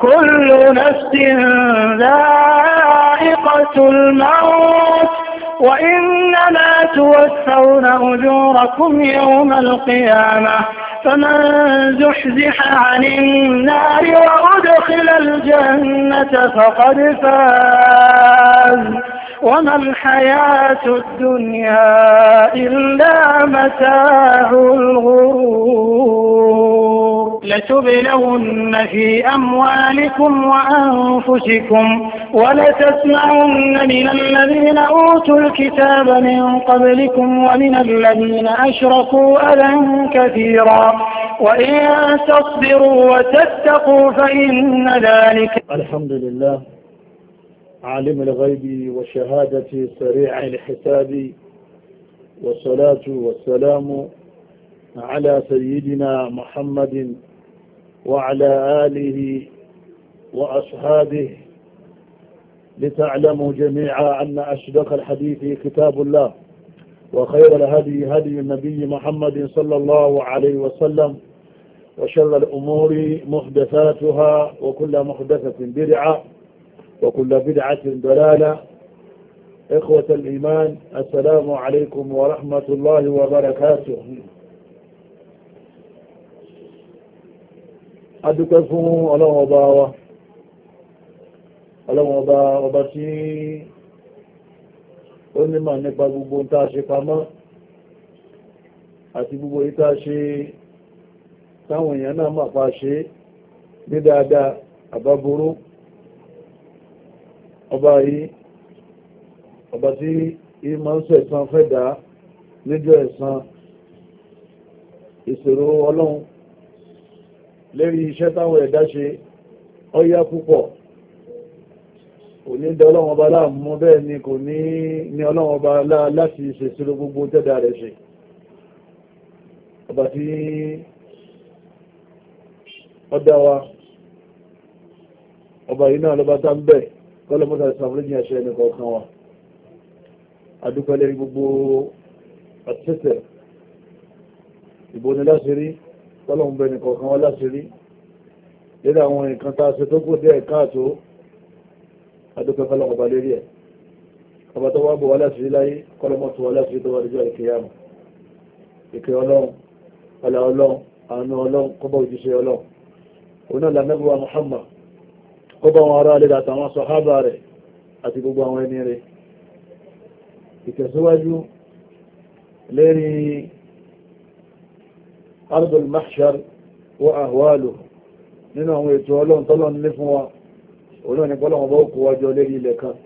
كل نفس ذائقة الموت وإنما توفون أجوركم يوم القيامة فمن زحزح عن النار وأدخل الجنة فقد فاز وما الحياة الدنيا إلا متاع الغرور لتبلون في أموالكم وأنفسكم ولتسمعن من الذين أوتوا الكتاب من قبلكم ومن الذين أشركوا أذى كثيرا وإن تصبروا وتتقوا فإن ذلك الحمد لله عالم الغيب وشهادة سريع الحساب والصلاة والسلام على سيدنا محمد وعلى آله وأصحابه لتعلموا جميعا أن أشدق الحديث كتاب الله وخير الهدي هدي النبي محمد صلى الله عليه وسلم وشر الأمور محدثاتها وكل محدثة بدعة وكل بدعة ضلالة إخوة الإيمان السلام عليكم ورحمة الله وبركاته adúpẹ́ fún ọlọ́run ọba wa ọlọ́run ọba ọba tí ó m'a nípa gbogbo tá a ṣe pamọ́ àti gbogbo yìí tá a ṣe táwọn èèyàn náà mà pa ṣe ní dáadáa àbáboró ọba yìí ọba tí yìí máa ń sẹ̀san fẹ́ dá níjọ́ ẹ̀san ìṣòro ọlọ́run lérí iṣẹ́ táwọn ẹ̀dá ṣe ọyá púpọ̀ kò ní dá ọlọ́run ọba láàmú bẹ́ẹ̀ ni kò ní ní ọlọ́run ọba láti ṣèṣirò gbogbo tẹ́dà rẹ̀ ṣe ọba tí ọdá wa ọba yìí náà lọ́ba tá ń bẹ̀ kọ́lọ́mọ́ta ìsàmúlẹ́jì àṣẹ ẹnì kọ̀ọ̀kan wa adúpẹ́ lérí gbogbo àtẹ́tẹ̀ ìbónilásírí tọ́lọ́run bẹ nìkan kan wá láti rí lédè àwọn nǹkan tá a ṣe tó kù díẹ̀ káàtó adúpẹ́ fẹ́lẹ́ ọba lérí ẹ̀ ọba tó wá bọ̀ wá láti rí láyé kọ́lọ́mọ́ tó wá láti rí tó wá lójú ìkẹyàmù ìkẹ ọlọ́run ọlà ọlọ́run àánú ọlọ́run kọ́bọ̀ òjíṣẹ́ ọlọ́run ardul mahshar wa ahwalu nínú àwọn ètò ọlọ́run tọ́lọ́ ní fún wa olóòrùn ní pọ́lọ́wọ́n bá kó wájọ lérí ilẹ̀ kan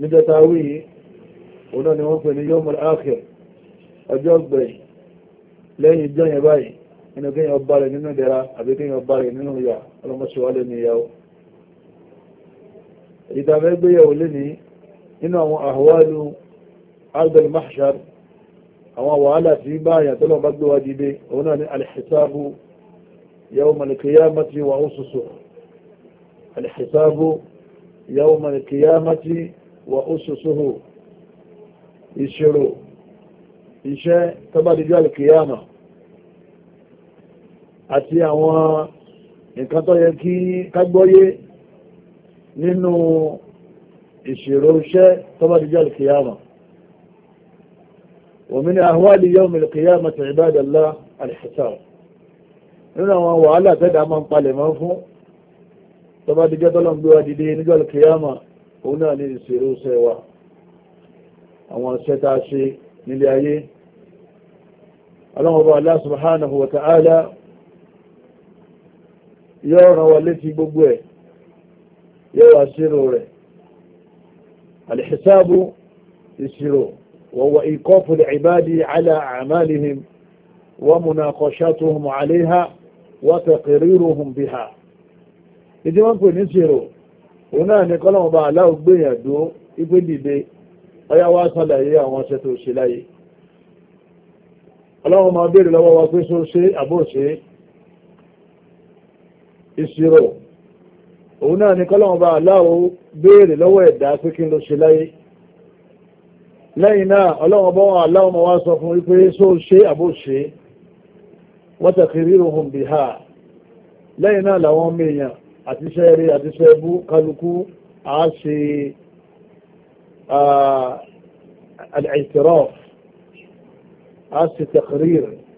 níjọta wí olóòrùn ni wọ́n pè ní yọ́mùl áàkìr ọjọ́ gbẹ̀yìn lẹ́yìn ìjọ yẹn báyìí nínú kéèyàn ọba rẹ̀ nínú ìdẹ̀ra àbí kéèyàn ọba rẹ̀ nínú ìyà ọlọ́mọṣẹ́wálẹ̀ ní ìyàwó ìtàfẹ́ gbéyàwó lé ní nínú àwọn ahwalu ardul mahshar àwọn wàhálà tí bá àyà tó lọ́n bá gbé wa dìde òun náà ní alìṣẹ́sáàbù yawma al-qiyamati wà ususu alìṣẹ́sáàbù yawma al-qiyamati wà ususuhu ìṣirò iṣẹ́ tó bá dìjọ́ alìkìyàmà àti àwọn nǹkan tó yẹ kí kágbọ́yé nínú ìṣirò iṣẹ́ tó bá dìjọ́ ومن أهوال يوم القيامة عباد الله الحساب nínú àwọn wàhálà tẹ́dà máa ń palẹ̀ máa ń fún tọba díjọ́ tọ́lọ̀ ń gbé wa dìde níjọ́ kìyàmà òun náà ní ìṣèrò ṣẹ wa àwọn ṣẹ́ ta ṣe nílé ayé aláwọ̀bá Allah subhanahu wa ta'ala yóò ràn wá létí gbogbo ẹ̀ yóò wá ṣírò rẹ̀ alìṣàbù ìṣirò وهو إيقاف العباد على أعمالهم ومناقشاتهم عليها وتقريرهم بها ìdí wọ́n pè ní ṣèrò òun náà ní kọ́lọ̀mù bá aláwọ̀ gbìyànjú ipé dìde ọyá wá sàlàyé àwọn ṣe tó ṣe láyé ọlọ́run máa béèrè lọ́wọ́ wa pé ṣe àbóṣe ìṣirò òun náà ní kọ́lọ̀mù bá aláwọ̀ béèrè lọ́wọ́ ẹ̀dá pé kí ló ṣe láyé lẹ́yìn náà ọlọ́run bọ́ aláwọ̀ ma wá sọ fún wípé só ṣe àbó ṣe wọ́n tẹ̀kìrí ohun bí ha lẹ́yìn náà làwọn ọmọ èèyàn àti iṣẹ́ eré àti iṣẹ́ ẹbú kálukú a ṣe al-i'tiraf a ṣe tẹ̀kìrí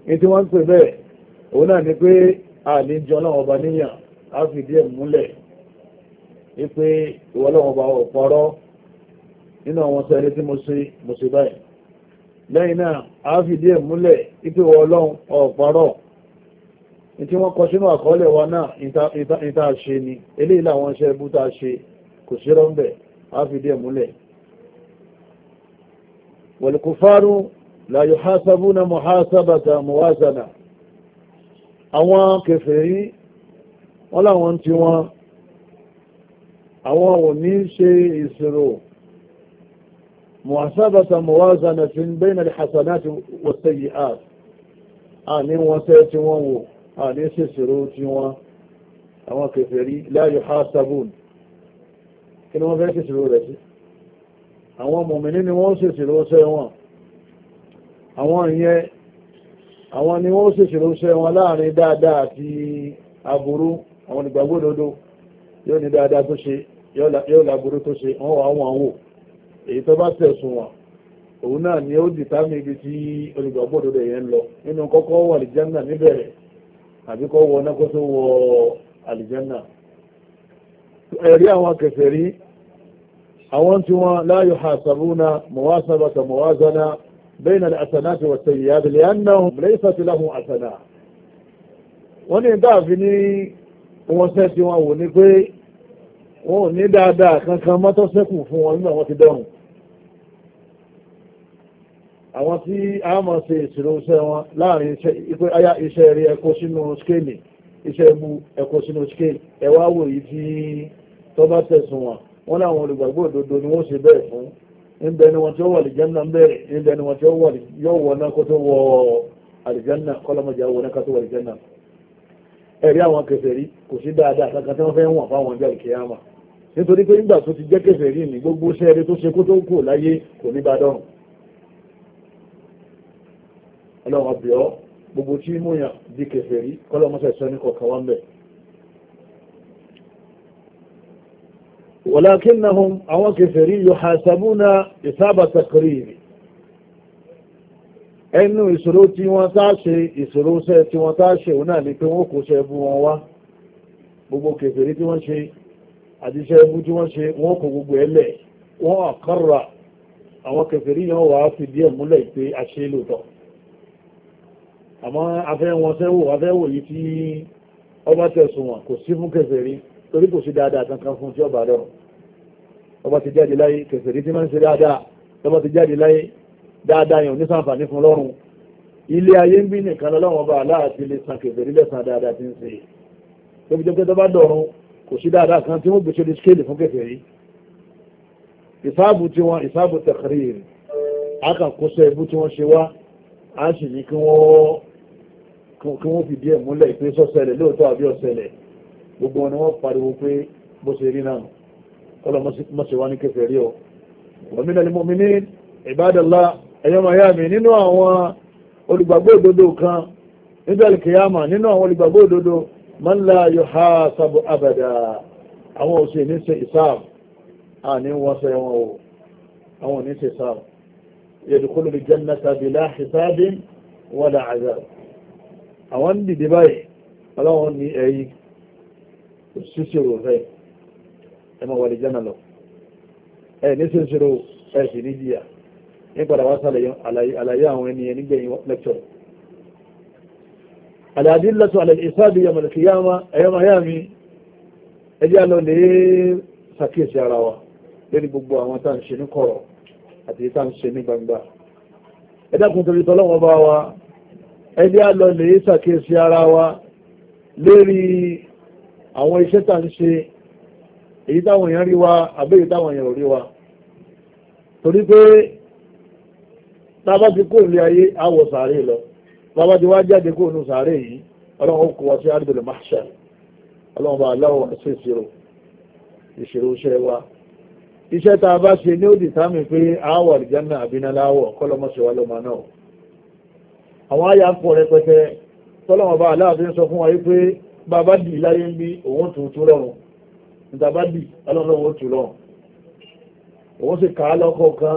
ní tí wọ́n ń pè bẹ́ẹ̀ òun náà ni pé àlejò ọlọ́run ọba níyàn a fìdí ẹ̀ múlẹ̀ wípé ìwọ́lọ́run ọba ọ̀pọ̀rọ̀ nínú àwọn sẹ́ni tí mo ṣe mo ṣe báyìí lẹ́yìn náà a fi díẹ̀ múlẹ̀ ipe wọ ọlọ́run ọ̀pọ̀rọ̀ tí wọ́n kọ sínú àkọọ́lẹ̀ wa náà ìta ṣe ni eléyìí làwọn iṣẹ́ ibú ta ṣe kò sí rọ́ńbẹ̀ a fi díẹ̀ múlẹ̀ wọ̀lùkùfárù la yuhasabuna muhasabata muwazana àwọn kèfèrí wọ́n láwọn tí wọ́n àwọn ò ní ṣe ìṣirò محاسبة موازنة بين الحسنات والسيئات àní wọn sẹ́ tí wọ́n wò àní ṣèṣirò tí wọ́n àwọn kèfèrí la yuhasabun kí ni wọ́n fẹ́ ṣèṣirò rẹ̀ sí àwọn mọ̀mìnì ni wọ́n ṣèṣirò ṣẹ́ wọn àwọn ìyẹn àwọn ni wọ́n ṣèṣirò ṣẹ́ wọn láàrin dáadáa àti aburú àwọn ìgbàgbódodo yóò ní dáadáa tó ṣe yóò láburú tó ṣe wọ́n wà wọ́n wò èyí tó bá tẹ̀sùn wọn òun náà ni ó dì táàmì ibi tí olùgbàgbọ́ òdodo yẹn ń lọ nínú kọ́kọ́ wọ àlìjánà níbẹ̀rẹ̀ àbí kọ́ wọ náà kó tó wọ àlìjánà ẹ̀rí àwọn kèfèrí àwọn tí wọ́n la yuhasabuna muwasabata muwazana bayna al-hasanati was-sayyi'ati li'annahum laysat lahum hasanah wọ́n ní dáàfin ní wọ́n sẹ́ tí wọ́n wò ní pé wọn ò ní dáadáa kankan mọ́tọ́ sẹ́kù fún wọn nínú àwọn ti dọ́rùn àwọn tí a máa ṣe ìṣirò iṣẹ́ wọn láàrin ipe aya iṣẹ́ rí ẹ̀kọ́ sínú skéèlì iṣẹ́ ẹ̀mú ẹ̀kọ́ sínú skéèlì ẹ̀wá wò yìí tí tó bá tẹ̀sùn wọn wọn láwọn olùgbàgbọ́ òdodo ni wọ́n ṣe bẹ́ẹ̀ fún níbẹ̀ ni wọ́n tí ó wà àlìjánná bẹ̀rẹ̀ níbẹ̀ ni wọ́n tí ó wà yóò wọ náà kó tó wọ àlìjánná kọ́lọ́mọjà wọ náà kó tó wọ àlìjánná ẹ̀rí àwọn kèfèrí kò sí dáadáa kankan tí wọ́n fẹ́ wọ̀n fáwọn ọjọ́ ìkẹyàmà nítorí pé nígbà tó ti jẹ́ kèfèrí ní gbogbo iṣẹ́ eré tó ṣe kó tó kù láyé kò ní bá dọ̀rùn ọlọ́run ọbẹ̀ ọ́ gbogbo tí mú yàn di kèfèrí kọ́lọ́mọsẹ̀ sọ ní kọ̀ọ̀kan wá ń bẹ̀ walakinnahum àwọn kèfèrí yuhasabuna ìsábà takriri ẹnu ìṣòro tí wọ́n táṣe ìṣòro ṣẹ́ tí wọ́n táṣe òun náà ni pé wọ́n kò ṣe bú wọn wá gbogbo kèfèrí tí wọ́n ṣe àdíṣẹ́ ẹbú tí wọ́n ṣe wọ́n kò gbogbo ẹlẹ̀ wọ́n àkọ́rà àwọn kèfèrí yàn wà fi díẹ̀ múlẹ̀ pé a ṣe lòtọ̀ àmọ́ afẹ́ wọn sẹ́wò afẹ́ wò yìí tí ọba tẹ̀sùn wọn kò sí fún kèfèrí torí kò sí dáadáa kankan fún tí ọba dọ̀rọ̀ ọba ti jáde láyé kèfèrí tí máa ń ṣe dáadáa ọba ti jáde láyé dáadáa yàn ní fún lọ́rùn ilé ayé ń bí nìkan lọ́wọ́n bá aláàtí lè san kèfèrí lẹ́sàn dáadáa ti ń ṣe tóbi jẹ́ pé tó bá dọ̀rùn kò sí dáadáa kan tí wọ́n gbèsè lè skéèlì fún kẹfẹ́ yìí ìsáàbù tí wọ́n ìsáàbù tẹ̀kìrì akàkóso ẹ̀bú tí wọ́n ṣe wá a sì ní kí wọ́n fìdí ẹ̀ múlẹ̀ ìpé sọ́sẹ̀lẹ̀ lóòótọ́ àbí ọ̀sẹ̀lẹ̀ gbogbo wọn ni wọ́n pariwo pé bó ṣe rí náà kọ́lọ̀ mọ́sẹ̀ wá ní kẹfẹ́ rí ọ wọ́n mi lẹ́nu mi ní ìbádọ́lá ẹ̀yọ́ màyá mi nínú àwọn olùgbàgbọ́ òdodo kan nígbà man la yuhasabu abada àwọn òsì ní ṣe ìsáàm a ní wọ́n ṣe wọn o àwọn ní ṣe ìsáàm yadkhulu al-jannata bila hisabin wala azab àwọn dìde báyìí ọlọ́wọ́n ní ẹ̀yí ṣíṣirò rẹ̀ ẹmọ wà lè jẹ́ náà lọ ẹ̀ ní ṣíṣirò ẹ̀ sì ní jìyà ní padà wá sálẹ̀ àlàyé àwọn ẹni ẹni gbẹ̀yìn lẹ́kṣọ̀rọ̀ àdàdílẹ̀tọ̀ àlẹ́sáàdì yàmàlẹ̀kìyàmà ẹ̀yọ́mayàmí ẹjẹ́ lọ lè sàkíyèsí ara wa lórí gbogbo àwọn tá à ń ṣe ní kọ̀rọ̀ àti tá à ń ṣe ní gbangba ẹ̀dàkùn torí tọ́lọ́wọ́ bá wa ẹjẹ́ lọ lè sàkíyèsí ara wa lórí àwọn iṣẹ́ tá à ń ṣe èyí táwọn èèyàn rí wa àbí èyí táwọn èèyàn ò rí wa torí pé tá a bá ti kó ìlé ayé àwọ̀ sàárè lọ bàbá ti wá jáde kó nù sàárè yìí ọlọ́run ó kó wá sí àdìbẹ̀lẹ̀ máṣà ọlọ́run bá aláwọ̀ ṣe ìṣirò ìṣirò iṣẹ́ wa iṣẹ́ tá a bá ṣe ní ó di sámi pé àáwọ̀ àlìjánà àbínáláwọ̀ kọ́lọ́mọ́ṣẹ́wá lọ́mọ náà àwọn àyà ń pọ̀ rẹpẹtẹ tọ́lọ́wọ̀n bá aláàfin sọ fún wa wípé bàbá dì láyé ń bí òun tó tó lọ́rùn ìtàbá dì ọlọ́lọ́wọ́ tó lọ́rùn òun sì kà á lọ́kọ̀ọ̀kan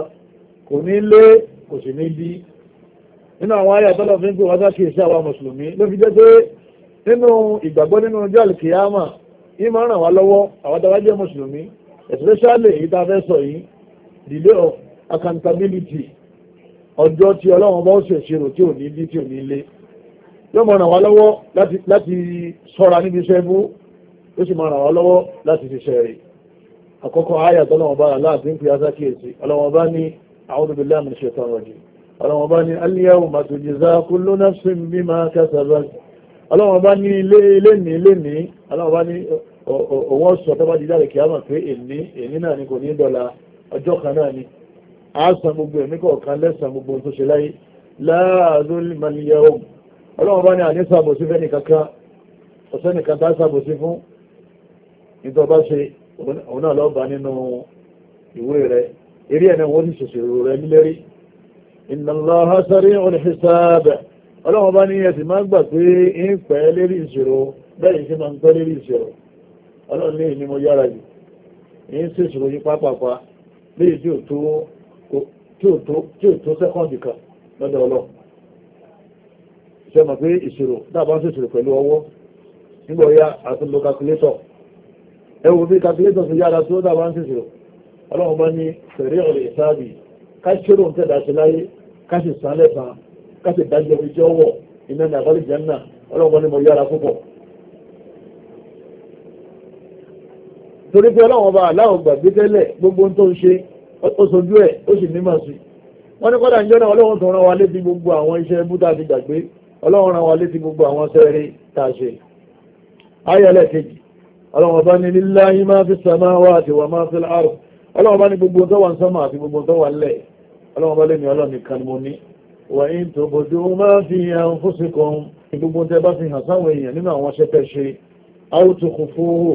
kò ní lé kò sì ní bí nínú àwọn ayé àtọ́lọ̀ fi ń pè wọ́n sáà kìí sí àwa mùsùlùmí ló fi jẹ́ pé nínú ìgbàgbọ́ nínú ọjọ́ àlùkìyàmà yìí máa ń ràn wá lọ́wọ́ àwọn tó jẹ́ mùsùlùmí especially èyí tá a fẹ́ sọ yìí delay of accountability ọjọ́ tí ọlọ́run bá ń ṣe ìṣirò tí ò ní bí tí ò ní lé yóò máa ràn wá lọ́wọ́ láti sọ́ra níbi iṣẹ́ bú ó sì máa ràn wá lọ́wọ́ láti ṣiṣẹ́ rẹ̀ àkọ́kọ́ ayàtọ̀ ọlọ́run bá rà láàfin pé aṣákìyèsí ọlọ́run bá ní a'udhu billahi minash shaitanir rajim ọlọ́wọ́n bá ní al-yawma tujza kullu nafsin bima kasabat ọlọ́wọ́n bá ní ilé ilé ní ilé ní ọlọ́wọ́n bá ní òun ọ̀sọ̀ tó bá di dáre kí a mọ̀ pé èní èní náà ni kò ní dọ́là ọjọ́ kan náà ni a san gbogbo ẹ̀mí kọ̀ọ̀kan lẹ́sàn gbogbo tó ṣe láyé la zulma al-yawm ọlọ́wọ́n bá ní àní sàbòsí fẹ́ni kankan ọ̀sẹ́ni kan tá sàbòsí fún nítorí bá ṣe òun náà lọ́ọ́ bá nínú ìwé rẹ̀ eré ẹ̀ náà wọ́n ti ṣèṣirò rẹ̀ nílẹ́rí inna Allaha sari'ul hisab ọlọ́run bá ní ẹ̀sìn máa gbà pé ń pẹ́ lérí ìṣòro bẹ́ẹ̀ ṣe máa ń pẹ́ lérí ìṣòro mo yára jù ń sì ṣòro yí pápápá léyìí tí ò tó sẹ́kọ̀ndì kan lọ́dọ̀ ọlọ́run ṣe mọ̀ pé ìṣòro dábà ń ya ká ṣòro ń tẹ̀dá sí láyé ká sì sàn lẹ́fà ká sì dájú omi tí ó wọ̀ iná ní àbálẹ̀ jẹ́nà ọlọ́run ni mo yára púpọ̀. torí pé ọlọ́run ọba aláwọ̀ gbàgbé tẹ́lẹ̀ gbogbo tó ń ṣe ó sojú ẹ̀ ó sì ní màsí wọ́n ní kọ́dà ìjọ náà ọlọ́run tó rán wa létí gbogbo àwọn iṣẹ́ búdà ti gbàgbé ọlọ́run rán wa létí gbogbo àwọn sẹ́ẹ̀rẹ́ tá a ṣe ayẹlẹ̀ kejì ọlọ́run ọba ní lillahi máa fi sàmáwá àti wà máa fi láàrùn ọlọ́run ọba ní gbogbo tó wà ń sánmà àti gbogbo tó wà ń lẹ̀ ọlọ́wọ́n bá lè ní ọlọ́run nìkan mo ní wà ní tòbòdó máa fi àwọn fóṣì kan gbogbo tẹ bá fi hàn sáwọn èèyàn nínú àwọn ṣẹfẹ́ ṣe áwùtòkù fóhó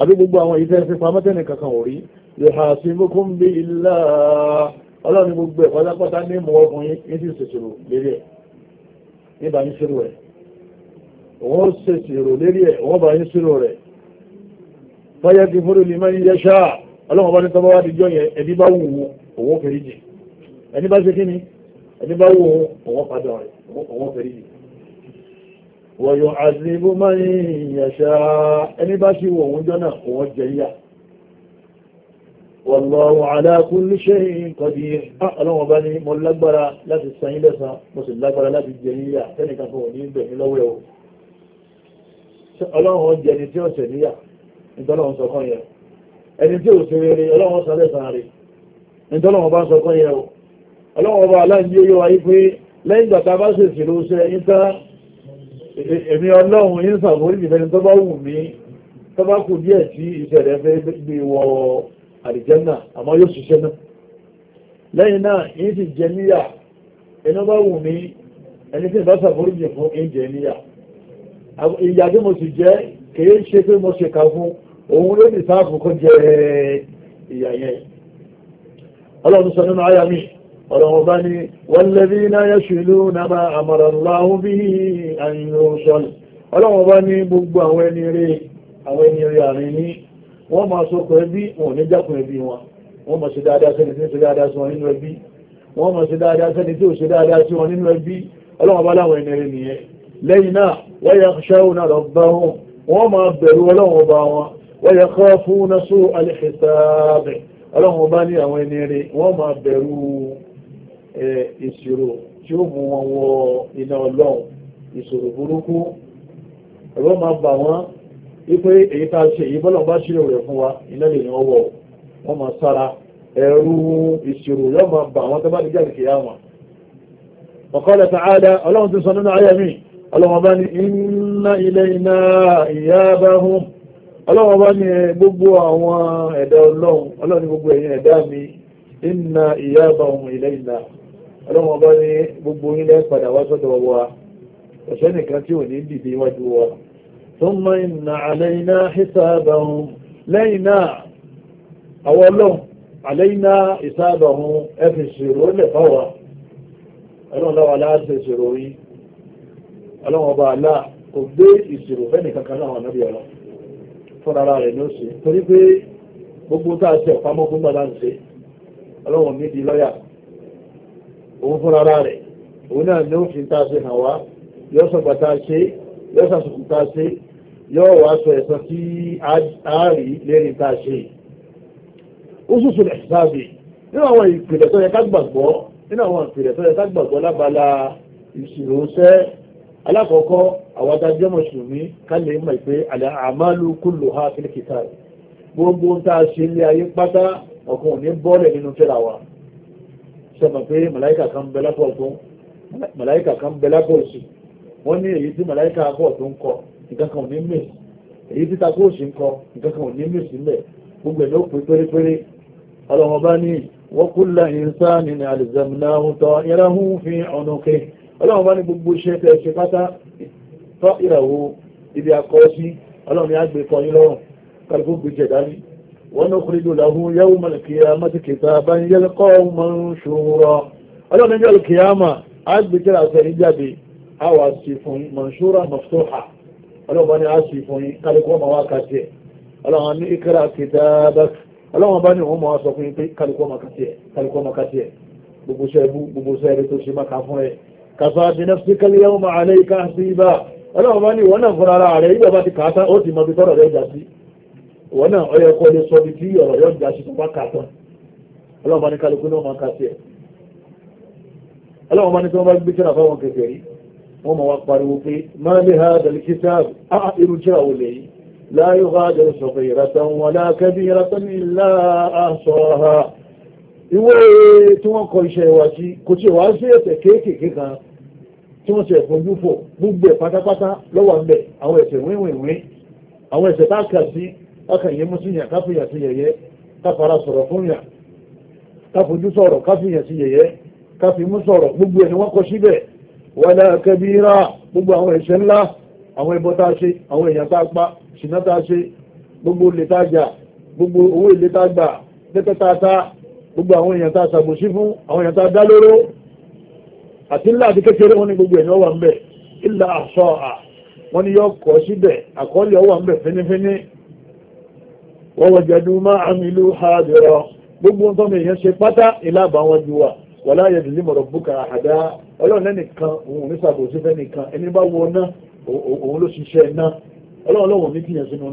àbí gbogbo àwọn ìfẹ́ fi pamọ́ tẹ́nì kankan ò rí lè ha sí mokún bí ilá ọlọ́run gbogbo ẹ̀ pátápátá ní mọ̀ ọkùnrin ní sì ṣèṣirò lérí ẹ̀ níbà ní ṣírò ẹ̀ wọ́n ṣèṣirò lérí ẹ̀ wọ́n bá ní ṣírò rẹ̀ fáyà ti fúrú lè máa ń yẹ ṣáà ọlọ́run bá ní tọ́bọ́ wá ti jọ yẹn ẹbí bá wù ú òun fèrè jìn ẹni bá ṣe kí ni ẹni bá wo ọwọ́ padà rẹ̀ ọwọ́ fẹ̀rí yìí wọ̀yọ̀ àzìbó máa ń yàṣà ẹni bá ṣe wọ̀ oúnjẹ náà ọwọ́ jẹ yá wallahu ala kulli shay'in qadir ah, ọlọ́wọ̀n bá ní mo lágbára láti san yín lẹ́san mo sì lágbára láti jẹ yíyà tẹ́nìkan fún òní bẹ̀ ní lọ́wọ́ ẹ̀wọ̀ ọlọ́wọ́ ọba aláìjí ó yọ wáyé pé lẹ́yìn gbàtà bá ṣe ìṣèlú ṣe ìta èmi ọlọ́run ń sàmórí ìfẹ́ni tó bá wù mí tó bá kù díẹ̀ sí ìṣẹ̀lẹ̀ fẹ́ gbé wọ àlìjẹ́nà àmọ́ yóò ṣiṣẹ́ náà lẹ́yìn náà yìí sì jẹ níyà ẹni bá wù mí ẹni tí ìbá sàmórí jẹ fún ìjẹ níyà ìyà tí mo sì jẹ kìí ṣe pé mo ṣe kà fún òun ló ní sáàfù kó jẹ ìyà yẹn ọlọ́run sọ nínú àyà mi ọlọ́run bá ní wọ́lẹ́bí náà yẹ́ṣùlú náà bá àmàrà láhún bí àyíyànṣọ́lẹ̀ ọlọ́run bá ní gbogbo àwọn ẹni rẹ̀ àwọn ẹni rẹ̀ àrin ní wọ́n máa sọkọ̀ ẹbí wọn ní jákùn ẹbí wọn wọ́n máa ṣe dáadáa sẹ́ni tí ó ṣe dáadáa sí wọn nínú ẹbí wọ́n máa ṣe dáadáa sẹ́ni tí ó ṣe dáadáa sí wọn nínú ẹbí ọlọ́run bá láwọn ẹni rẹ̀ nìyẹn lẹ́yìn náà wọ́n yẹ ṣẹ́hùn náà rọ̀gbá wọn wọ́n máa bẹ̀rù ọlọ́run ọba wọn wọ́n yẹ kọ́ fún náà só alẹ́ fẹ́ sáábẹ̀ ọlọ́run ọba ní àwọn ẹni rẹ̀ wọ́n máa bẹ̀rù ìṣòro tí ó mú wọn wọ iná ọlọ́run ìṣòro burúkú ẹ̀rọ máa bà wọ́n wípé èyí tá a ṣe èyí bọ́lọ̀ bá ṣírò rẹ̀ fún wa iná lè yàn wọ̀ wọ́n máa sára ẹ̀rù ìṣòro yóò máa bà wọ́n tó bá dìjà kìí ọ̀kọ́lẹ̀ ọlọ́run ti sọ nínú ayé mi ọlọ́run bá ní ọlọ́run bá ní gbogbo àwọn ẹ̀dá ọlọ́run ọlọ́run ní gbogbo ẹ̀dá mi inna ọlọ́wọ́n bá ní gbogbo yín lẹ́ padà wá sọ́dọ̀ wa ọ̀ṣẹ́ nìkan tí ò ní dìde iwájú wa tó mọ́ ìnà àlẹ́yìnà ìsáàbàhun lẹ́yìnà àwọn ọlọ́run àlẹ́yìnà ìsáàbàhun ẹfì ṣèrò lẹ̀ fáwà ọlọ́run láwà láti ṣèrò yí ọlọ́run ọba àlá kò gbé ìṣèrò òun fúnra ara rẹ̀ òun náà ní òfin tá a ṣe hàn wá yóò sọ gbàtà ṣe yóò sàṣùkù tá a ṣe yóò wá sọ ẹ̀sán tí a rí lérí tá a ṣe ó ṣùṣù rẹ̀ sáàbì nínú àwọn ìpìlẹ̀ tó yẹ ká gbàgbọ́ nínú àwọn ìpìlẹ̀ tó yẹ ká gbàgbọ́ lábala ìṣirò ṣẹ́ alákọ̀ọ́kọ́ àwọn adájọ́ mùsùlùmí ká mọ̀ pé àlẹ́ àmàlù kùlù ha fil kitab gbogbo tá a ṣe ilé ayé pátá ọ̀kan bọ́ọ̀lẹ̀ nínú tẹ́ra wa sẹ́mọ̀ pé màláìkà kan bẹ lápò ọ̀tún màláìkà kan bẹ lápò òsì wọ́n ní èyí tí màláìkà apò ọ̀tún ń kọ nǹkan kan ò ní mì èyí tí takò òsì ń kọ nǹkan kan ò ní mì sílẹ̀ gbogbo ẹ̀ ló pè pérépéré ọlọ́run bá ní wa kulla insani alzamnahu ta'irahu fi unuqi ọlọ́run bá ní gbogbo iṣẹ́ tẹ́ ṣe pátá tọ́ ìràwọ̀ ibi akọ́ sí ọlọ́run ní àgbẹ̀kọ́ yín lọ́rùn kálukú ونخرج له يوم القيامة كتابا يلقاه منشورا ọlọ́run ní alkiyama a gbé kíra sẹ́yìn jáde a wà sí fún manṣúra mafsoha ọlọ́run ní a sì fún yín kálukọ́ ma wá kàtí ẹ̀ ọlọ́run ní ikra kìtàbà ọlọ́run bá ní òun ma wá sọ fún yín pé kálukọ́ ma kàtí ẹ̀ kálukọ́ ma kàtí ẹ̀ gbogbo sẹ́ẹ̀bù gbogbo sẹ́ẹ̀rẹ́ tó ṣe má ka fún ẹ̀ kàfà bí náà fi kálí yẹ́wọ́n ma àlẹ́ ìka sí ibà ọlọ́run bá ní ìwọ náà fúnra rẹ̀ ìgbà bá ti kàá ìwọ náà ọyọ ẹkọ lè sọ bí tí ọ̀rọ̀ yóò dá sí tọpá kà tán ọlọ́run bá ní kálukú náà máa ka sí ẹ ọlọ́run bá ní tí wọ́n bá gbé tíra fáwọn kẹfẹ́ rí wọ́n máa wá pariwo pé máa lè ha dàlí kí sáàbù á irú tíra wò lè yìí láyé ha dàlí sọ̀kọ̀ ìratan wọn lákẹ́bí ìratan ní ilá aṣọ ha ìwé tí wọ́n kọ iṣẹ́ wa sí kò tí wàá sí ẹ̀ṣẹ̀ kéékèèké kan tí wọ́n ṣe fojú fò gbogbo ẹ̀ pátápátá lọ́wọ́ àwọn ẹ̀ṣẹ̀ wíwìnwín àwọn ẹ̀ṣẹ̀ tá sí kákàyé mú síyàn káfíyà sí yẹ̀yẹ́ káfara sọ̀rọ̀ fún yà káfojú sọ̀rọ̀ káfíyà sí yẹ̀yẹ́ káfimú sọ̀rọ̀ gbogbo ẹni wọ́n kọ síbẹ̀ wala kabira gbogbo àwọn ẹ̀ṣẹ̀ ńlá àwọn ẹbọ tá a ṣe àwọn èèyàn tá a pa ṣìnà tá a ṣe gbogbo olè tá a jà gbogbo owó ilé tá a gbà tẹ́tẹ́ tá a ta gbogbo àwọn èèyàn tá a ṣàbòsí fún àwọn èèyàn tá a dá lóró àti ńlá àti kékeré wọn ni gbogbo ẹni ọwà ń bẹ illa ahsaha wọn ni yọ kọ síbẹ̀ àkọọ́lẹ̀ ọwà ń fínífíní ووجدوا ما عملوا حاضرا gbogbo ń tọ́mọ èèyàn ṣe pátá ìlàbà wọn ju wa wà láàyè ìdílé mọ̀rọ̀ búkà àdá ọlọ́run lẹ́nìkan òun ní sàbòsí fẹ́nìkan ẹni bá wọ ná òun ló ṣiṣẹ́ iná ọlọ́run ní kíyàn sínú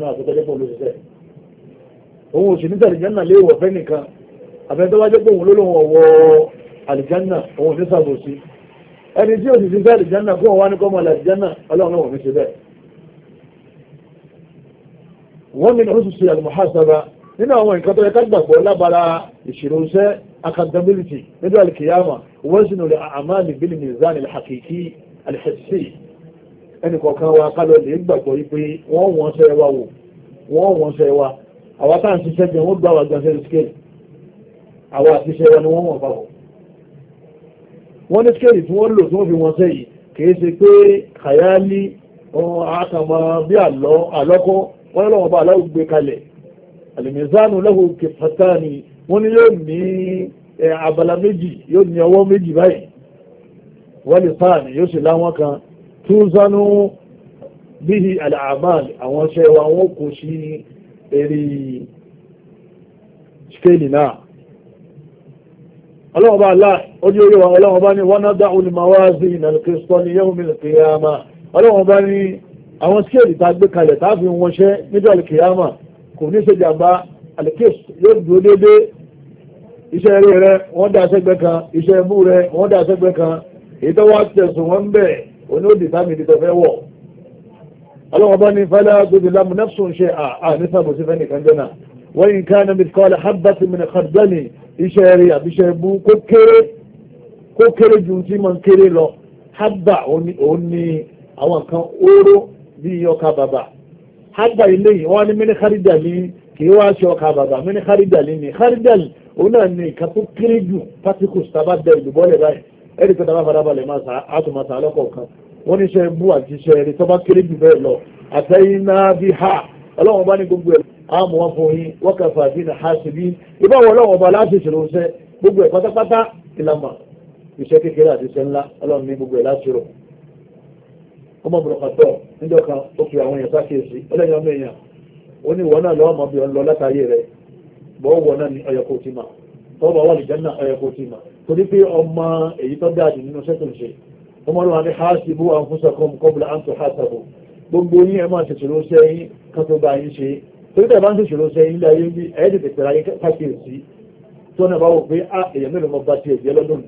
náà àti wọ́n ní ọ̀rọ̀ sísè àlùmọ̀hására nínú àwọn nǹkan tó yẹ ká gbàgbọ́ lábara ìṣirò accountability nínú alkiyama wọ́n sì nílò àmàlì bíi mizan alhakiki alhassi ẹnì kọ̀ọ̀kan wa kálọ̀ lè gbàgbọ́ yìí pé wọ́n wọ́n ṣe wa wò wọ́n wọ́n ṣe wa àwa tá à ń ṣiṣẹ́ jẹun ó gbà wá gbàṣẹ́ scale àwa àti wa ni wọ́n wọ̀n pa wọ́n wọ́n ní scale tí wọ́n lò tí wọ́n fi wọ́n sẹ́yìn kì í ṣe pé kàyáálí àtàwọn bí àlọ́kọ́ wọ́n lọ́wọ́ bá aláwọ̀ gbé kalẹ̀ alìmìzánù lọ́wọ́ òkè pàtàkì wọ́n ní yóò ní abala méjì yóò ní ọwọ́ méjì báyìí wọ́n lè sáàni yóò sì láwọn kan tó zánú bíi alàmàl àwọn ṣẹ́ wa wọ́n kò sí eré skéèlì náà ọlọ́wọ́ bá aláà ojú orí ọlọ́wọ́ bá ní wọ́n náà dáhùn ní mawazin alkiristọ́ni yẹ́wùmí alkiyama ọlọ́wọ́ bá ní àwọn skéèlì tá a gbé kalẹ̀ tá a fi wọnṣẹ́ níjọ́ alikiyama kò ní ṣe jàmbá alikiyama yóò dúró déédéé iṣẹ́ eré rẹ wọ́n dá sẹ́gbẹ́ kan iṣẹ́ imú rẹ wọ́n dá sẹ́gbẹ́ kan èyí tó wá tẹ̀sùn wọn bẹ̀ òní ó dìtà mí ìdìtọ̀ fẹ́ wọ̀ ọlọ́wọ́n bá ní fẹ́lẹ́ àgbègbè lámù nẹ́fṣùn ṣe àà ní sábò sí fẹ́ni kan jẹ́nà wọ́n yìí káàna mi kọ́ àwọn kan oró bí ọkà bàbà àgbà ilé yìí wọ́n ní mini kárìdàlì kì í wá ṣe ọkà bàbà mini kárìdàlì ni kárìdàlì òun náà ní ìka tó kéré jù pátíkù sábà dẹ ìdùbọ́lẹ̀ báyìí ẹ̀rí tó dábàá farabalẹ̀ máa sa àtùmọ̀sá lọ́kọ̀ọ̀kan wọ́n ní iṣẹ́ bú àti iṣẹ́ ẹ̀rí tó bá kéré jù bẹ́ẹ̀ lọ àtẹ́yìn náà bí ha ọlọ́wọ́n bá ní gbogbo ẹ̀ àmọ́ wọn fún yín wọ́n kẹfà bí ha sí bí ìbáwọ̀ ọlọ́wọ́n bá láti ṣòro iṣẹ́ gbogbo ẹ̀ pátápátá ìlànà iṣẹ́ kékeré àti iṣẹ́ ńlá ọlọ́run ní gbogbo ẹ̀ láti ṣòro ọmọ bùrọ̀kàtọ̀ níjọ́ kan ó fi àwọn èèyàn sákèésí ọlẹ́yìn ọmọ èèyàn ó ní ìwọ náà lọ́wọ́ mọ̀ bí ọ lọ látàyè rẹ̀ bọ́ wọ náà ní ọyọ̀kọ̀ tí mà tọ́wọ́ wà lìjẹ́ náà ọyọ̀kọ̀ tí mà torí pé ọmọ èyí tó dáàdì nínú sẹ́kùn ṣe ọmọ lọ́wọ́ ní haasi bú àwọn fúnṣakọ́m kọ́bùlà àǹtò haasabu gbogbo yín ẹ máa ṣèṣirò sẹ́yìn kan tó bá yín ṣe torí tẹ̀ bá ń ṣèṣirò sẹ́yìn ilé ayé bí ẹ̀ tètè pẹ̀lú ayé kákìrìsí tó náà bá wò pé a ah, èèyàn mélòó mo bá tiẹ̀ jẹ́ lọ́dún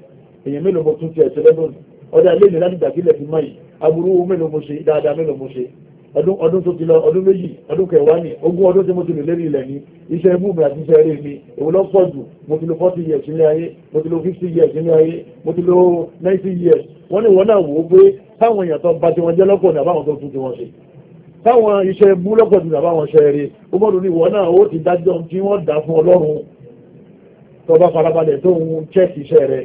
èèyàn mélòó mo tún tiẹ̀ ṣe lọ́dún ọ̀dà ilé ìlera nígbà fi máa yìí aburú mélòó mo ṣe dáadáa mélòó mo ṣe ọdún tó ti lọ ọdún méjì ọdún kẹwàá ni ogún ọdún tí mo ti lò lérí ilẹ̀ ni iṣẹ́ ibú mi àti iṣẹ́ eré mi èwo lọ pọ̀ jù mo ti lò forty years nílé ayé mo ti lò fifty years nílé ayé mo ti lò ninety years wọ́n ní wọ́n náà wò ó pé táwọn èèyàn tó bá ti wọn jẹ́ lọ́pọ̀ ní àbáwọn tó tún ti wọn ṣe táwọn iṣẹ́ ibú lọ́pọ̀ jù ní àbáwọn iṣẹ́ eré ó mọ̀ ní wọ́n náà ó ti dájọ́ tí wọ́n dá fún ọlọ́run tó bá farabalẹ̀ tó ń chẹ́ẹ̀kì iṣẹ́ rẹ̀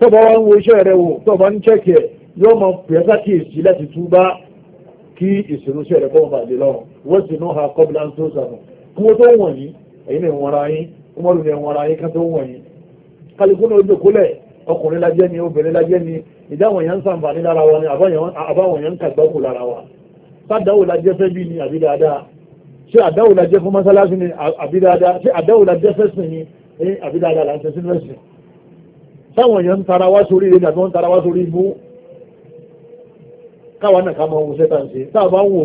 tó bá wá ń wo iṣẹ́ rẹ̀ wò tó bá ń chẹ́ẹ̀kì ẹ̀ yóò mọ pẹ̀sà kí èsì láti túbá kí ìṣòro sí ẹ̀rẹ̀kọ́ wọn bàjẹ́ lọ́rùn wọ́n sì náà ha kọ́bílá tó sàmù kí wọ́n tó wọ̀n yín ẹ̀yin ni wọ́n ra yín wọ́n lù ní wọ́n ra yín ká tó wọ̀n yín kálukú náà ojú kólẹ̀ ọkùnrin lajẹ́ ni obìnrin lajẹ́ ni ìdáwọn yẹn ń sàǹfààní lára wa ni àbáwọn yẹn ń kàgbákù lára wa sádàwò lajẹ́ fẹ́ bí ni àbí dáadáa ṣé àdáwò lajẹ́ fún mọ́sálásí ni àbí dáadáa ṣé àdáwò lajẹ́ fẹ́sìn ni àbí dáadáa là ń tẹ́sí fẹ́sìn táwọn yẹn ń tara wá sórí rẹ̀ àbí wọ́n ń tara wá sórí ibú káwa náà ká máa wo sẹ́tà ń ṣe tá a bá wò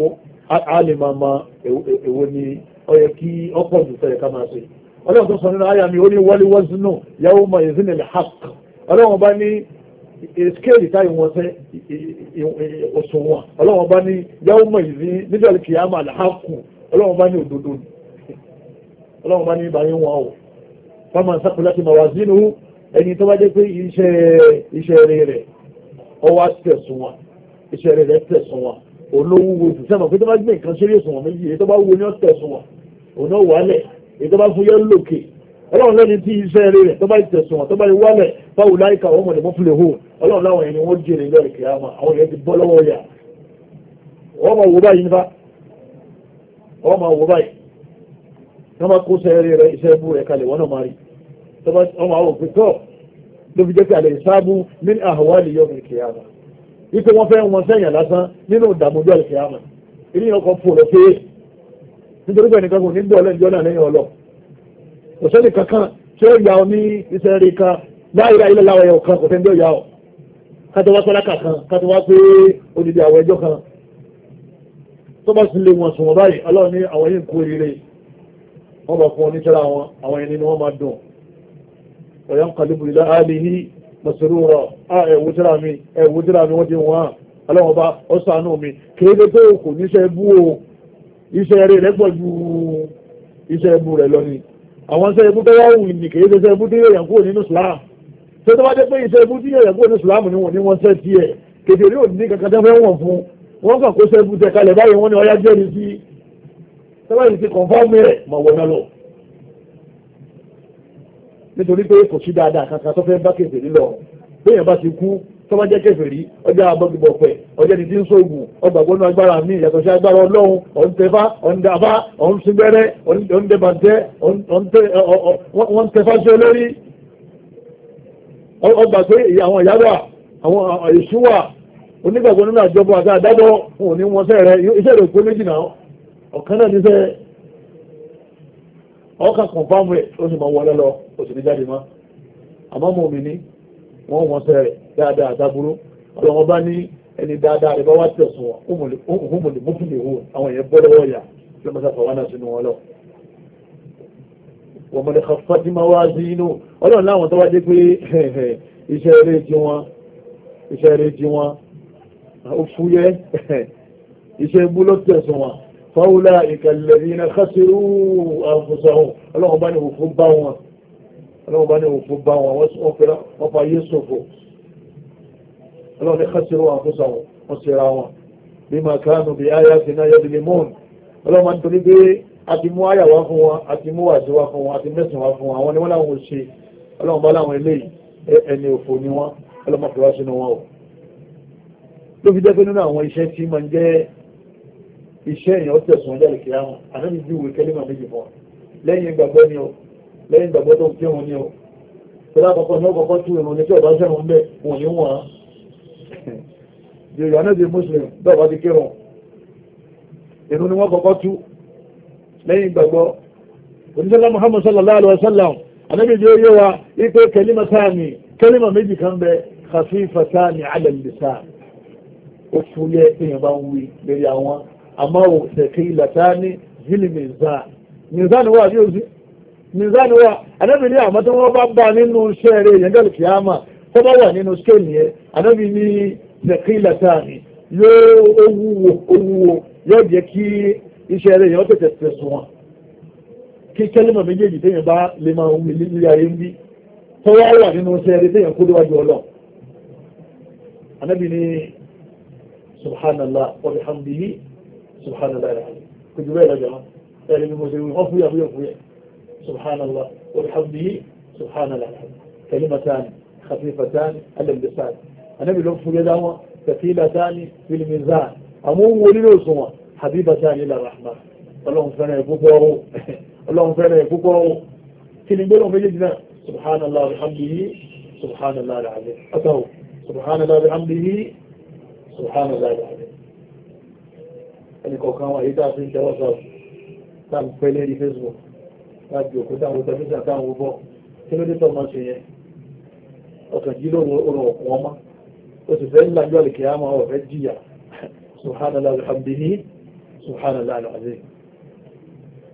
á lè máa ma èwo ni ó yẹ kí ọ̀pọ̀ jù fẹ́rẹ̀ ká máa ṣe ọlọ́run tó sọ nínú àyà mi ó ní wọ́lé wọ́sí náà yàwó ma èzí ní hàk ọlọ́run bá ní skéèlì táyì wọn sẹ́ òṣùwọ̀n ọlọ́run bá ní yàwó ma èzí níjọ́ kì í àmà hàkù ọlọ́run bá ní òdodo ọlọ́run bá ní ibà wọn o fáwọn máa ń sákòlá ti máa wá sínú ẹni tó bá jẹ́ pé iṣẹ́ rẹ̀ ọwọ́ á tẹ̀sùn wọn iṣẹ́ rẹ̀ rẹ̀ tẹ̀sùn wọn olówó wo jù sẹ́mọ̀ pé tó bá gbé nǹkan ṣeré òsùn wọn méjì èyí tó bá wo ni ó tẹ̀sùn wọn òun náà wálẹ̀ èyí tó bá fún yẹn lòkè ọlọ́run lẹ́ni tí iṣẹ́ rẹ̀ tó bá tẹ̀sùn wọn tó bá wálẹ̀ báwo láìka àwọn ọmọdé mọ́fúnlẹ̀ hó ọlọ́run láwọn ẹni wọ́n jèrè lọ́rẹ̀ kìáma àwọn yẹn ti bọ́ lọ́wọ́ yà wọ́n máa wò báyìí nípa wọ́n máa wò báyìí wọ́n máa kó sẹ́ẹ̀rẹ̀ rẹ̀ iṣẹ́ bú rẹ̀ kalẹ̀ wọ́n náà máa rí wọ́n máa wò pé tọ́ ló jẹ́ pé àlẹ́ ìsáàbù ní àhàwálì yọ̀ kìáma wípé wọ́n fẹ́ wọn sẹ́yìn lásán nínú ìdààmújọ́ ìfẹ́ àmọ́ ilé ọkọ̀ fò lọ pé nítorí pé nìkan kò ní bọ̀ lẹ́jọ́ náà lẹ́yìn ọlọ kò sẹ́ni kankan tí ó yà ọ ní iṣẹ́ rí kan láì ra ilé láwọn ẹ̀yọ̀ kan kò fẹ́ ń bí ó yà ọ kátó wá pẹ́lá kankan kátó wá pé odidi àwọn ẹjọ́ kan tó bá sì lè wọn sùn wọn báyìí ọlọ́run ní àwọn yìí ń kú eré wọ́n bá fún ọ níṣẹ́ àwọn àwọn ẹni ni wọ́n máa dùn ọ̀yà ń kàlùbù mọ̀sùrùrọ̀ ẹ̀wùdíra mi ẹ̀wùdíra mi wọ́n ti wọ́n ọlọ́wọ́n bá ọ ṣàánú mi kéde pé kò níṣẹ́ bú o iṣẹ́ rẹ̀ rẹ̀ pọ̀ ju iṣẹ́ bú rẹ̀ lọ ni àwọn iṣẹ́ ibú tó wá wù ní kéde iṣẹ́ ibú tí yóò yàn kúrò nínú Islam tó tó bá jẹ́ pé iṣẹ́ ibú tí yóò yàn kúrò nínú Islam ni wọ́n ní wọ́n ṣẹ́ tiẹ̀ kéde rí òní kankan tó fẹ́ wọ̀n fún wọ́n kàn kó iṣẹ́ ibú tẹ̀ kalẹ̀ báyìí wọ́n ní ọyá jẹ́rìí sí tọ́wọ́ yìí ti kọ̀ǹfọ́ọ̀mù rẹ̀ mọ̀ wọ́n náà lọ nítorí pé kò sí dáadáa kankan tó fẹ́ bá kèfèrí lọ bẹ́ẹ̀ bá ti kú tó bá jẹ́ kèfèrí ọjà abọ́gibọ̀pẹ̀ ọjà ti ti ń sóògùn ọgbàgbọ́ náà agbára mi yàtọ̀ sí agbára ọlọ́run ọ̀ǹtẹ̀fá ọ̀ǹdàfá ọ̀ǹsìnbẹ́rẹ́ ọ̀ǹdẹ̀bàǹtẹ́ wọ́n tẹ̀fá sí olórí ọgbà pé àwọn ìyáwà àwọn ìṣúwà onígbàgbọ́ nínú àjọpọ̀ àti àdábọ̀ òní wọn sẹ́rẹ̀ iṣẹ́ rẹ̀ pé méjì náà ọ̀kan náà níṣẹ́ ọkàn kan fáwọn ẹ̀ ó sì máa wọlé lọ ó sì ní jáde mọ́ àmọ́ mọ̀ mí ní wọ́n wọ́n sẹ́ rẹ̀ dáadáa àtàbúrú ọlọ́wọ́n bá ní ẹni dáadáa rẹ̀ bá wá tẹ̀ sùn wọn òun mò lè mú fún ìhò àwọn èèyàn bọ́ lọ́wọ́ ìyá lọ́mọdé àfọwọ́n náà sínú wọn lọ. wọ́n mọ̀ ní fatima wá sí inú ọlọ́run láwọn tó wá dé pé iṣẹ́ eré jí wọn iṣẹ́ eré jí wọn ó fúyẹ́ iṣẹ́ ibú ló tẹ̀ sùn wọn fọ́wọ́lá ìkàlẹ̀rí na kásìrú àfúsàwọn ọlọ́run bá ní òfin bá wọn ọlọ́run bá ní òfin bá wọn wọ́n fẹ́ra wọ́n fa yé sòfò ọlọ́run ní kásìrú àfúsàwọn wọ́n sì ra wọn bí máa kánú bí áyá sí náà yẹ́dìlẹ̀ mọ́ọ̀n ọlọ́run máa ń torí pé àti mú áyà wá fún wọn àti mú wàsí wá fún wọn àti mẹ́sàn wá fún wọn àwọn ni wọ́n láwọn ò ṣe ọlọ́run bá láwọn eléyìí ẹni òfò ni wọ́n ọlọ́run máa fi wá sínú wọn o ló fi jẹ́ pé nínú àwọn iṣẹ́ tí máa ń jẹ́ iṣẹ́ èèyàn tẹ̀sùn ọjọ́ ìkìyà wọn ànábi ju ìwé kẹlẹ́mà méjì fún wa lẹ́yìn ìgbàgbọ́ ni o lẹ́yìn ìgbàgbọ́ tó ń kí wọn ni o tọ́lá àkọ́kọ́ ní ọkọ̀ọ́kọ́ tún ìrùn ní tí ọ̀bá ṣẹ́rùn ń bẹ̀ wọ̀n ní wọ̀n á yorùbá náà di muslim bẹ́ẹ̀ bá ti kírun ìrùn ni wọ́n kọ́kọ́ tú lẹ́yìn ìgbàgbọ́ oníṣẹ́lá muhammad sallallahu alaihi wa sallam ànábi ju yé wa ipe kẹlẹ́mà sáàmì kẹlẹ́mà méjì kan bẹ kàfífà sáàmì alẹ́ lè sáà ó fúyẹ́ èèyàn bá ń wí lórí àwọn àmọ́ thaqilatani fil mizan mizan wà yóò sí mizan wà anábì ní àmọ́ tí wọ́n bá bá nínú iṣẹ́ rẹ̀ yẹn dẹ̀lù kìámà tó bá wà nínú scale yẹn anábì ní thaqilatani yóò owúwo owúwo yóò jẹ́ kí iṣẹ́ rẹ̀ yẹn tètè tẹ̀sùn wọn kí kẹ́lẹ́mọ̀ méjèèjì téèyàn bá lè máa wù nílé ayé ń bí tó wá subhanallah wa bihamdihi subhanallah kò jù bẹ́ẹ̀ lọ́jọ́ ẹ̀rẹ́ bí mo ṣe wọ́n fúyà fúyà fúyà subhanallah wa bihamdihi subhanallah kalimatan khafifatan alambisan anabi ló fúyà dáwọn kafilatan fil mizan àmọ́ wo nínú òṣùwọ̀n habibatan ila rahman ọlọ́run fẹ́ràn ìpúpọ̀ ọ̀hún ọlọ́run fẹ́ràn ìpúpọ̀ ọ̀hún kí ni gbọ́dọ̀ méjèèjì náà subhanallah wa bihamdihi subhanallah alazim ọ̀tọ̀ subhanallah wa bihamdihi subhanallah alazim ẹnìkọ̀ọ̀kan wọn èyí tá a fi ń ṣe WhatsApp tá a ń pẹ́ lérí Facebook tá a ju òkú táwọn tẹlifíṣàn táwọn bọ̀ kí ló dé tọ́ máa ṣe yẹn ọ̀sán jí lóru oorun ọ̀pọ̀ ọmọ ó sì fẹ́ ń lajú àlèkè àmọ́ ọ̀fẹ́ jìyà subhanallah alhamdihi subhanallah alazim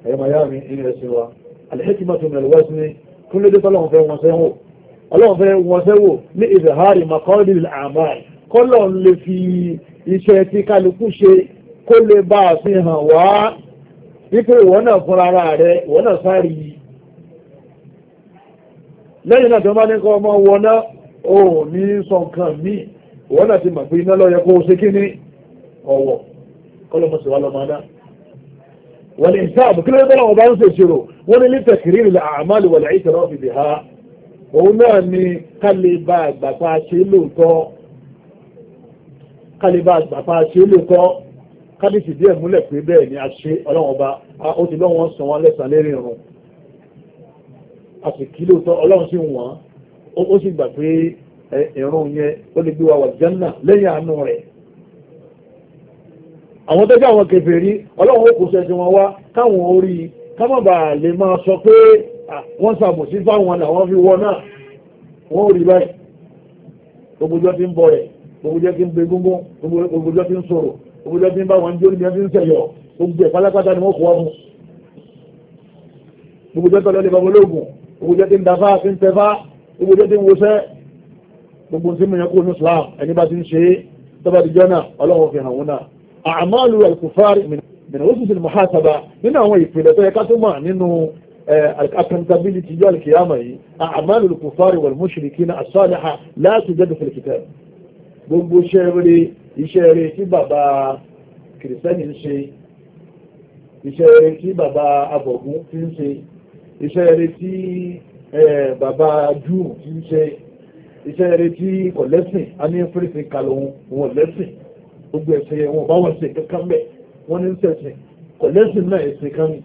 ẹ̀yọ́ máa yá mi nínú ẹ̀sìn wa alhikmatu min alwazn kó lè bá a fi hàn wá wípé ìwọ náà fúnra ara rẹ ìwọ náà sáré yìí lẹ́yìn náà tó bá ní kọ́ ọmọ wọn náà ò ní sọ nǹkan míì ìwọ náà ti mọ̀ pé iná lọ́yẹ kó o ṣe kí ní ọ̀wọ̀ kọ́lọ́mọ̀sí wa lọ́mọ náà wọ́n ní sáàbù kí ló tọ́lá ọba ń ṣèṣirò wọ́n ní lítẹ̀ kìrìrì lè àmàlì wọ̀lẹ̀ àìsàn ọ̀fì ha òun náà ni kálíbà àgbàpá ṣe lóòótọ́ kálíbà àgbàpá ṣe lóòótọ́ kádìsì díẹ̀ múlẹ̀ pé bẹ́ẹ̀ ni a ṣe ọlọ́wọ́n bá ó ti lọ́wọ́n sàn wọn lẹ́sàn lérí irun a sì kí lóòótọ́ ọlọ́run sì wọ́n ó sì gbà pé irun yẹn ó lè gbé wa wà jẹ́nà lẹ́yìn àánú rẹ̀ àwọn tẹ́jú àwọn kèfèrí ọlọ́run ó kó sẹ́sìn wọn wá káwọn orí kámọ́bà lè máa sọ pé wọ́n sàbòsí fáwọn làwọn fi wọ́n náà wọ́n rí báyìí gbogbo jọ́ ti ń bọ̀ rẹ̀ gbogbo jọ́ ti ń gbegúngún gbogbo jọ́ ti ń sọ̀rọ̀ owó lọ́dún bá wọn jó níbi ẹni sẹ̀yọ̀ gbogbo ẹ̀ pátápátá ni wọ́n kọ́ ọmọ gbogbo jẹ́ tọ́lọ́ lè bọ́ ológun gbogbo jẹ́ tí ń dafá tí ń tẹfá gbogbo jẹ́ tí ń wọṣẹ́ gbogbo tí mo yẹ kó ní Islam ẹni bá ti ń ṣe é tọ́ba ti jọ́ náà ọlọ́run fi hàn wọn náà àmàlù alkufari mìíràn ó sì sì muhasaba nínú àwọn ìpìlẹ̀ tó yẹ ká tó mọ̀ nínú accountability yọ alkiyama yìí àmàlù alkufari wal mushrikina as-saliha la tujadu iṣẹ́ rẹ̀ tí bàbá kìrìsẹ́nì ń ṣe iṣẹ́ rẹ̀ tí bàbá abọ̀gún ti ń ṣe iṣẹ́ rẹ̀ tí bàbá júù ti ń ṣe iṣẹ́ rẹ̀ tí kò lẹ́sìn a ní fírísì kalòun wọn lẹ́sìn gbogbo ẹ̀sìn wọn bá wọn ṣe kankan bẹ́ẹ̀ wọ́n ní sẹ̀sìn kò lẹ́sìn náà ẹ̀sìn kan ní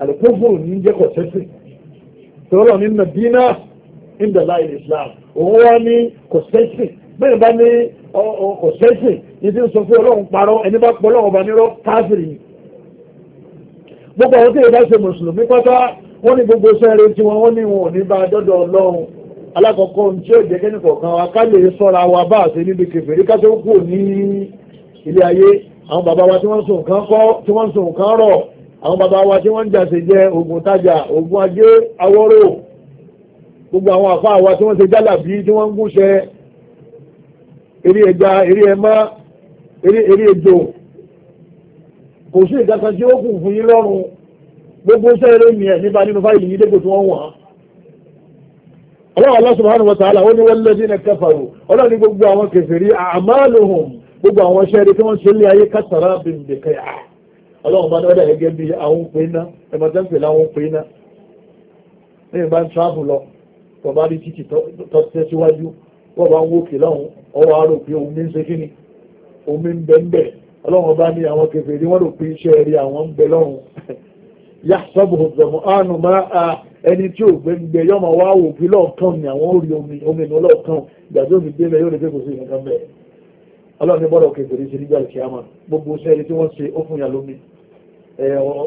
àlùkòfòrò ní jẹ́ kò sẹ́sìn tọ́lọ̀ nínú dínà ìdàlá ìlú Islam òun wá ní kò sẹ́sìn bẹ́ẹ̀ bá ní ọ̀sẹ̀sìn ní tí ń sọ fún ọlọ́run parọ́ ẹni bá pọ̀ ọlọ́run ọba nírọ́ káfìrì gbogbo àwọn tí ìbá ṣe mùsùlùmí pátá wọ́n ní gbogbo sẹ́ẹ̀rẹ́ tí wọ́n ní wọn ò ní bá dọ́dọ̀ ọlọ́run alákọ̀ọ́kọ́ tí ó jẹ́ kẹ́nìkọ̀ kan wa ká lè sọ́ra wa bá àṣẹ níbi kẹfìrí ká tó kù ní ilé ayé àwọn bàbá wa tí wọ́n sùn kan rọ̀ àwọn bàbá wa tí wọ́n jàṣe jẹ ogun tajà ogun ajé awọ́rò gbogbo àwọn àfa wa tí wọ́n ṣe jálàbí tí wọ́n ń gúnṣẹ́ eré ẹja eré ẹmá eré ejò kò sí ìdákan tí ó kù fún yín lọ́rùn gbogbo sẹ́ẹ̀rẹ́ mi ẹ̀ nípa nínú fáìlì yìí dépò tí wọ́n wọ̀n ọlọ́run Allah subhanahu wa ta'ala ó ní wọ́n lẹ́dí ní kafaru ọlọ́run ní gbogbo àwọn kèfèrí a'maluhum gbogbo àwọn sẹ́ẹ̀rẹ́ tí wọ́n ṣe lé ayé kásàrà bìndìkẹ́ à ọlọ́run bá dọ́dọ̀ ẹgẹ́ bí àwọn òpè iná ẹ̀mọ́tẹ́ǹpẹ̀ láwọn òpè iná ní ìbá ń tíráàbù lọ tọ́ba rí títì tọ́tẹ́ síwájú wọ́n bá ń wókè lọ́hùn ọwọ́ àrò pé omi ń ṣe kí ni omi ń bẹ ń bẹ ọlọ́run ọba ní àwọn kèfèrí wọ́n rò pé iṣẹ́ rí àwọn ń bẹ lọ́hùn yá sọ́bù ọ̀dọ̀mọ́ àánú máa a ẹni tí ò gbé ń gbé yọ́mọ wá wò pé lọ́ọ̀kan ni àwọn ò rí omi omi ní ọlọ́ọ̀kan ìgbà tí omi délẹ̀ yóò lè fẹ́ kò sí nǹkan bẹ́ẹ̀ ọlọ́run ní bọ́dọ̀ kèfèrí sí nígbà tí a máa gbogbo iṣẹ́ tí wọ́n ṣe ó fún yà lómi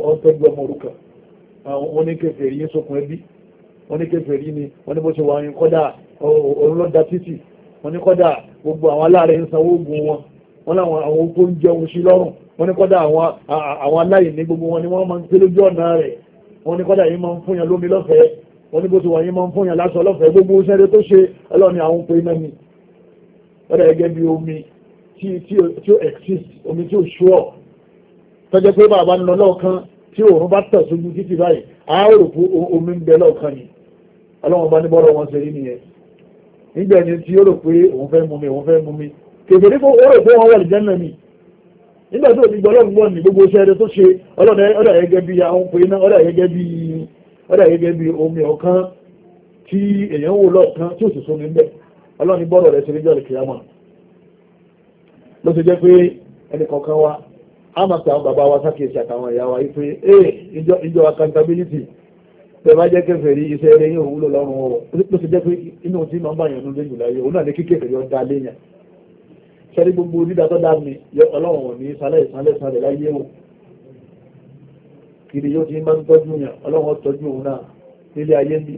ọ̀tọ́jú ọmọ orúkọ wọ́n ní kèfèrí yín sókun ẹbí wọ́n ní kèfèrí ni wọ́n ní bó ṣe wà yín kọ́dà òun ló da títì wọ́n ní kọ́dà gbogbo àwọn aláàrẹ̀ ń sanwó oògùn wọn wọ́n láwọn àwọn opó ń jẹun sí lọ́rùn wọ́n ní kọ́dà àwọn aláìní gbogbo wọn ni wọ́n máa ń pé lójú ọ̀nà rẹ̀ wọ́n ní kọ́dà yìí máa ń fún yàn lómi lọ́fẹ̀ẹ́ wọ́n ní bó ti wà yìí máa ń fún yàn láṣọ lọ́fẹ̀ẹ́ gbogbo sẹ́rẹ́ tó ṣe ọlọ́ni àwọn pé iná ni ọ̀dà gẹ́gẹ́ bí omi tí ó exist omi tí ó ṣúọ̀ tọ́jẹ́ pé bàbá ń lọ lọ́ọ̀kan tí òun bá tẹ̀ sójú títì báyìí àárò fún omi ń bẹ lọ́ọ̀kan ni ọlọ́run bá ní bọ́rọ̀ wọn ṣe rí nìyẹn nígbà ẹni tí ó rò pé òun fẹ́ mú mi òun fẹ́ mú mi kèfèrè kó ó rò pé wọ́n wà lè jẹ́nà mi nígbà tó ti gbọ́ ọlọ́run gbọ́ ní gbogbo iṣẹ́ rẹ tó ṣe ọlọ́dà gẹ́gẹ́ bí àwọn pè náà ọlọ́dà gẹ́gẹ́ bí ọlọ́dà gẹ́gẹ́ bí omi ọ̀kan tí èèyàn wò lọ́ọ̀kan tí òṣìṣẹ́ mi ń bẹ̀ ọlọ́run bọ́ọ̀rọ̀ rẹ̀ ṣe lójọ́ ìkìyàmọ̀ ló ṣe jẹ́ pé ẹnì kọ̀ọ̀kan wa á máa pe àwọn bàbá wa sákèésì àtàwọn ìyá wa yìí pé ee ìjọ accountability tẹ bá jẹ́ kèfèrí iṣẹ́ eré yóò wúlò lọ́rùn ọwọ́ ló ti jẹ́ pé inú tí máa ń báyàn ló léyìn láyé òun náà ní kíkèfè yọ da léyàn sẹ́rí gbogbo dídá tó dá mi yọ ọlọ́run ní sálẹ̀ ìsálẹ̀ sálẹ̀ láyé o kiri yóò ti máa ń tọ́jú yàn ọlọ́run tọ́jú òun náà nílé ayé mi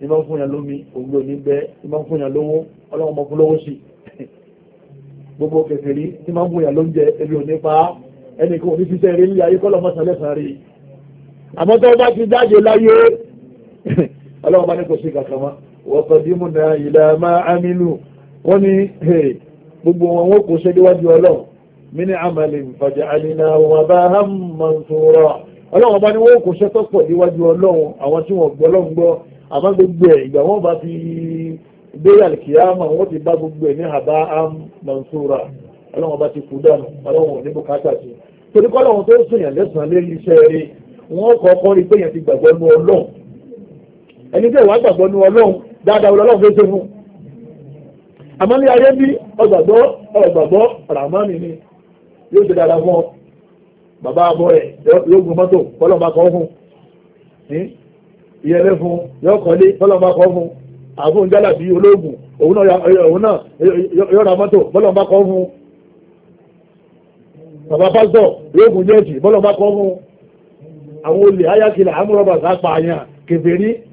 ní máa ń fún yàn lómi òun ò ní bẹ́ ní máa ń fún yàn lówó ọlọ́run máa fún lówó sí gbogbo kèfèrí ní máa ń fún yàn lóúnjẹ ebi ò pa ẹnì kan ò ní fi sẹ́rí nílé ayé kọ́ lọ́mọ sálẹ̀ sáré àmọ́ tó bá ti jáde láyé ọlọ́wọ́ bá ní kò sí kankan mọ́ wọ́n kọ́ dímú na ìlà máa amínú wọ́n ní gbogbo wọn wọ́n kò ṣẹ́díwájú ọlọ́run mini amali nfàjà alina wọn bá ham mansura ọlọ́wọ́ bá ní wọ́n kò ṣẹ́ tọ́pọ̀ díwájú ọlọ́run àwọn tí wọ́n gbọ́ lọ́n gbọ́ àmọ́ gbogbo ẹ̀ ìgbà wọn bá fi bẹ́ẹ̀ alikiyama wọ́n ti bá gbogbo ẹ̀ ní haba ham mansura ọlọ́wọ́ bá ti kú dànù ọlọ́wọ́ ní bùkátà sí torí kọ́ ọlọ́wọ́ tó sèyàn lẹ́sàn-án lé iṣẹ́ rí wọ́n kọ́kọ́ rí pé yẹn ti gbàgbọ́ nú ọlọ́run ẹni tẹ́ ìwà gbàgbọ́ ní ọlọ́run dáadáa ọlọ́run fẹ́ ṣe fún àmọ́ ní ayé bí ọgbàgbọ́ ọgbàgbọ́ ràmánì ni yóò ṣe dáadáa fún ọ bàbá abọ́ ẹ̀ yóò gun mọ́tò kọ́lọ́mbà kan fún ìyẹlẹ́ fún yóò kọ́lé kọ́lọ́mbà kan fún àfún jálàbí ológun òun náà yóò ra mọ́tò kọ́lọ́mbà kan fún bàbá pásítọ̀ yóò gun jẹ́ẹ̀tì kọ́lọ́mbà kan fún àwọn olè ayákilà amúrọ̀bà sápà àyàn kèfèrí